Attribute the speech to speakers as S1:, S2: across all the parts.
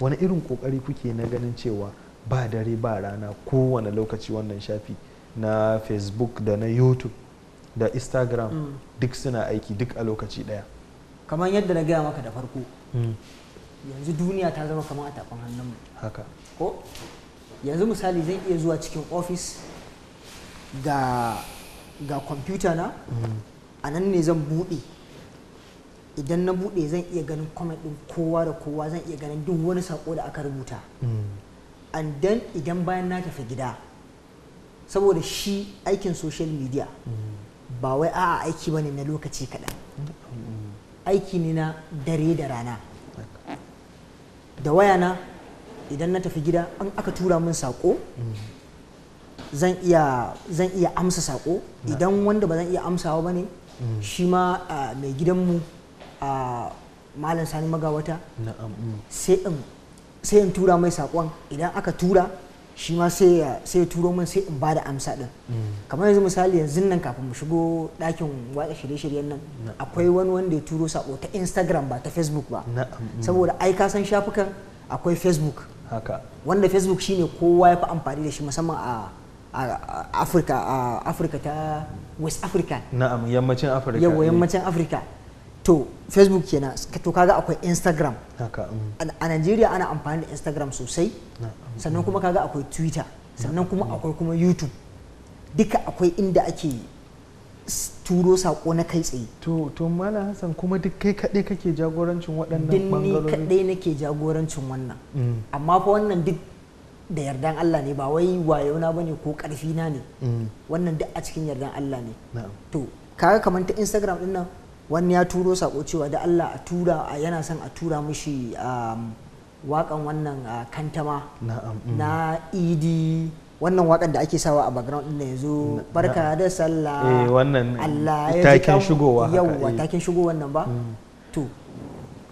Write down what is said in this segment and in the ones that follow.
S1: wani irin kokari kuke na ganin cewa ba dare ba rana kowane lokaci wannan shafi na facebook da na youtube da instagram mm. duk suna aiki duk a lokaci daya
S2: kamar yadda na gaya maka da farko mm. yanzu duniya ta zama kamar a tafin hannunmu haka ko yanzu misali zan iya zuwa cikin ofis ga ga kwamfuta na mm. a nan ne zan buɗe idan na bude zan iya ganin comment ɗin kowa da kowa zan iya ganin duk wani sako da aka rubuta hmm. and then idan bayan na tafi gida saboda shi aikin social media hmm. ba wai a'a aiki bane na lokaci kaɗan
S1: hmm.
S2: aiki ne na dare da rana da wayana idan na tafi gida an aka tura min sako zan iya amsa sako idan wanda ba zan iya amsawa ba ne shi ma ah, mai gidanmu a malam sani magawata
S1: mm.
S2: sai in in tura mai sakon idan aka tura shi ma sai ya turo min sai in ba da amsa din mm. kamar yanzu misali yanzu nan kafin mu shigo ɗakin watsa shirye-shiryen nan akwai wani wanda ya turo sako ta instagram ba ta facebook ba mm. saboda ai ka san shafukan akwai facebook wanda facebook shine kowa ya fi amfani da shi musamman a afirka a afirka ta west africa
S1: na'am yammacin afirka yawa yammacin
S2: afirka to facebook kenan to kaga akwai instagram
S1: mm.
S2: a nigeria ana amfani da instagram sosai
S1: mm.
S2: sannan kuma kaga akwai twitter sannan kuma mm. akwai kuma youtube duka akwai inda ake turo sako na kai tsaye to to mala hassan kuma duk kai kaɗai kake jagorancin waɗannan ni kaɗai nake jagorancin wannan amma fa wannan duk da yardan Allah ne ba wai wayona bane ko karfi na ne wannan duk a cikin yardan Allah ne to kaga kamar ta Instagram din nan wani ya turo sako cewa da Allah a tura yana son a tura mushi um, wakan wannan uh, kantama mm. na idi wannan wakan da ake sawa a background din da zo barka da sallah eh, Allah ya takin shigowa yawa eh. takin shigo wannan ba mm. to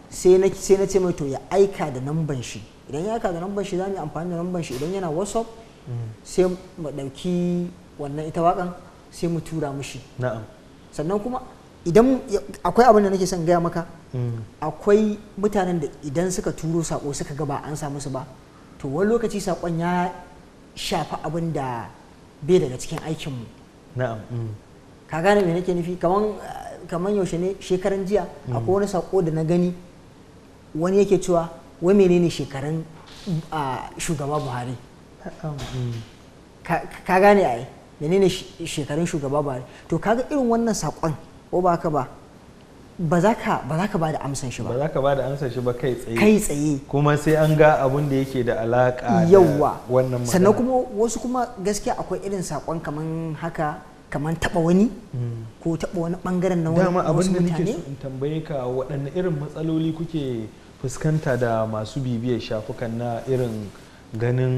S2: sai na ce mai to ya aika da namban shi idan ya aika da namban shi za mu amfani da namban shi idan yana whatsapp mm. sai mu ɗauki wannan ita wakan sai mu tura mushi sannan kuma idan akwai abin da nake son gaya maka hmm. akwai mutanen da idan suka turo sako suka ga ba an samu su ba to wani lokaci sakon ya shafi abin da bai daga cikin aikinmu na'am hmm. ka gane me nake nufi kaman yaushe ne shekaran jiya hmm. akwai wani sako da na gani wani yake cewa wai menene shekarun shugaba buhari ka gane ai menene shekarun shugaba buhari to kaga irin wannan sakon ko ba ka ba ba za ka ba za ka ba da
S1: amsan shi ba ba za ka ba da amsan shi ba kai tsaye kai tsaye kuma sai an ga abun da yake da alaka yawa wannan magana sannan kuma
S2: wasu kuma gaskiya akwai irin sakon kaman haka kaman taba wani hmm. ko taba wani bangaren na wani dama abin da nake so
S1: in tambaye ka waɗanne irin matsaloli kuke fuskanta da masu bibiyar shafukan na irin ganin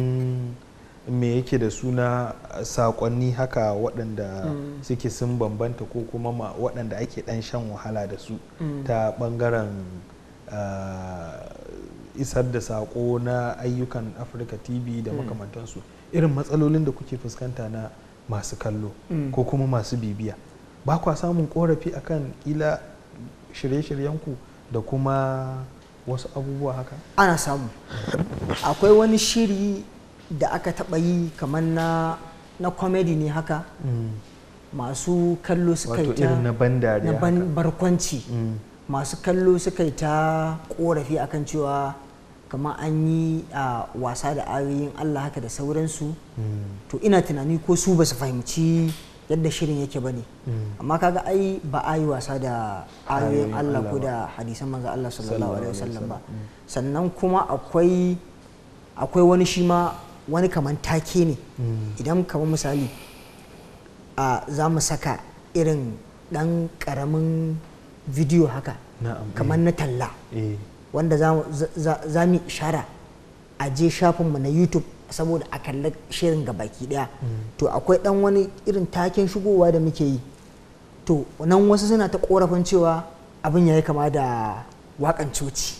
S1: me yake da suna eh, sakonni haka waɗanda mm. suke sun bambanta ko kuma waɗanda ake ɗan shan wahala da su mm. ta ɓangaren eh, isar da sako na ayyukan afirka tv da mm. makamantansu irin matsalolin da kuke fuskanta na masu kallo ko kuma masu bibiya ba kwa samun korafi akan kila shirye-shiryenku da kuma wasu abubuwa haka
S2: ana samu akwai wani shiri da aka taɓa yi kamar na na comedy ne haka mm. mm. masu kallo suka yi ta na barkwanci masu kallo suka yi ta korafi akan cewa kamar an yi a wasa da ayoyin Allah haka da sauransu mm. to ina tunani ko su ba su fahimci yadda shirin yake ba ne amma kaga ai ba a yi wasa da ayoyin Allah ko da hadisan manzo Allah sallallahu alaihi wasallam ba sannan kuma akwai akwai wani shi ma wani kaman take ne idan kamar misali za mu saka irin dan karamin video haka kamar na eh. talla eh. wanda za mu ishara a je shafinmu na youtube saboda a kalli shirin ga baki daya mm. to akwai dan wani irin taken shigowa da muke yi to nan wasu suna ta korafin cewa abin ya yi kama da wakan coci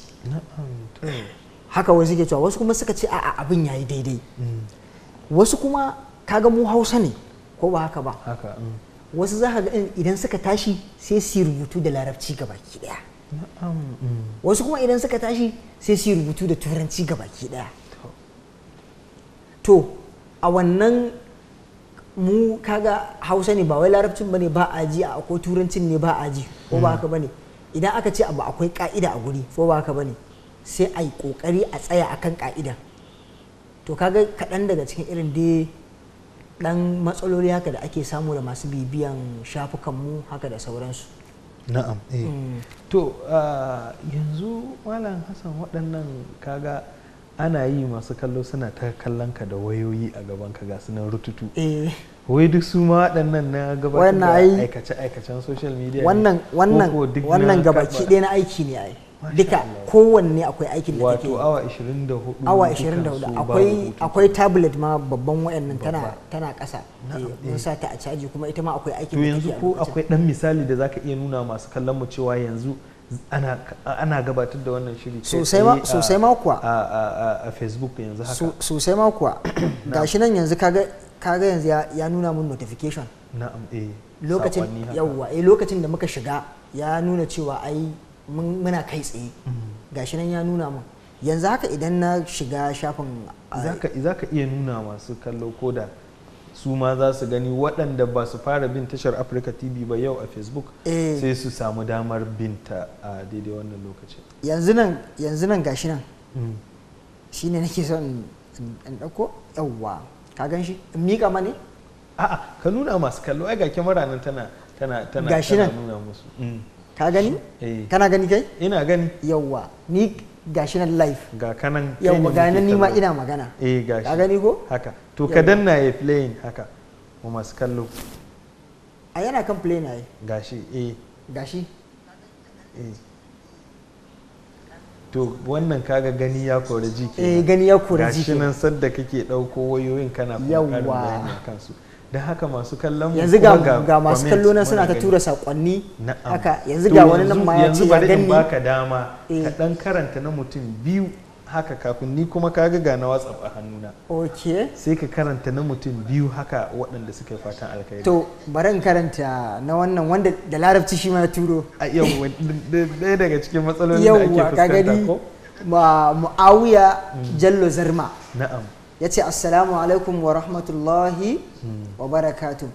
S2: haka wai suke cewa wasu kuma suka ce a'a abin yayi daidai wasu kuma kaga mu hausa ne ko ba haka ba mm. wasu za ka ga idan suka tashi sai su rubutu da larabci ki daya mm. wasu kuma idan suka tashi sai su rubutu da turanci ki daya to a wannan mu kaga hausa ne ba wai larabcin bane ba a ji a turancin ne ba a ji ko ba mm. haka bane idan aka ce abu akwai ka'ida a guri ko ba haka bane sai a yi kokari a tsaya akan ka'ida to kaga kaɗan daga cikin irin dai dan matsaloli haka da ake samu da masu bibiyan shafukanmu haka da sauransu
S1: na'am eh mm. to ah, yanzu malam hassan waɗannan kaga ana yi masu kallo suna ta kallon ka da wayoyi a gaban ka ga suna rututu eh. wai duk su ma waɗannan na gabatar da aikace-aikacen social media wannan wannan wannan gabaki ɗaya na
S2: aiki ne ai duka kowanne akwai aikin da take awa 24
S1: awa akwai
S2: akwai tablet ma babban wayannan tana tana kasa eh, mun sa ta a caji kuma ita ma akwai aikin to yanzu ko akwai
S1: dan misali da zaka iya nuna masu kallon mu cewa yanzu ana, ana gabatar da wannan shiri sosai ma kuwa a facebook yanzu haka sosai ma kuwa
S2: gashi nan yanzu kaga yanzu ya nuna mun notification
S1: na'am eh lokacin yawwa
S2: eh lokacin da muka shiga ya nuna cewa ai muna kai tsaye mm. shi nan ya nuna mun yanzu haka idan na shiga shafin
S1: ah, za ka iya nuna masu kallo koda su ma za su gani waɗanda ba su fara bin tashar afirka tv ba yau a facebook eh. sai su samu damar binta a daidai wannan lokacin
S2: yanzu nan gashi nan mm. shi ne nake son in ɗauko yawwa ka gan shi in miƙa ma ne
S1: a'a ka nuna masu kallo ai ga kyamara nan tana tana tana nuna musu mm. ka gani eh. kana gani kai ina gani yawwa ni gashi nan live ga kanan yawwa ga nan nima ina magana eh gashi ka gani ko haka to ka danna ya playing haka mu masu kallo
S2: a yana kan play na
S1: gashi eh gashi eh. to wannan kaga gani ya kori ji eh gani ya kori ji gashi nan sadda kake dauko wayoyin kana kokarin bayani kansu da haka masu kallon yanzu ga masu kallo na suna ta tura sakonni haka yanzu ga wani nan ma ya ce ya gani baka dama eh. ka dan karanta na mutum biyu haka kafin ni kuma ka ga na WhatsApp a hannuna okay sai ka karanta na mutum biyu haka waɗanda suka yi fatan alkhairi to
S2: baran karanta na wannan wanda da larabci shi ma ya turo yau
S1: ɗaya daga cikin matsalolin da ake fuskanta ko
S2: ma muawiya mm. jallo zarma na'am ya ce assalamu alaikum wa rahmatullahi wa barakatu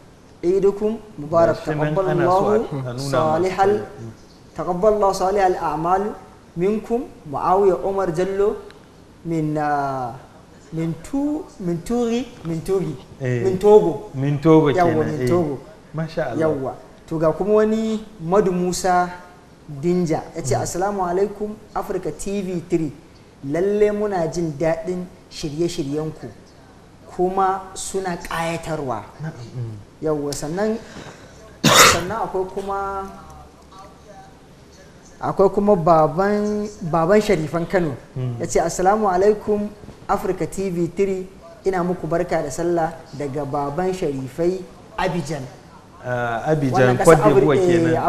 S2: idukum mubarak taqabbalallahu salihal taqabbalallahu salihal a'mal minkum muawiya umar jallo min uh, min tu min turi min turi eh. min togo
S1: min togo yawa min eh. togo
S2: masha Allah yawa to ga kuma wani madu musa dinja ya ce hmm. assalamu alaikum africa tv 3 lalle muna jin daɗin shirye-shiryenku kuma suna ƙayatarwa yauwa sannan sannan akwai kuma akwai kuma baban sharifan kano hmm. ya ce assalamu alaikum africa tv 3 ina muku barka da sallah daga baban sharifai abijan
S1: abijan ah, kwadda d'ivoire eh, kenan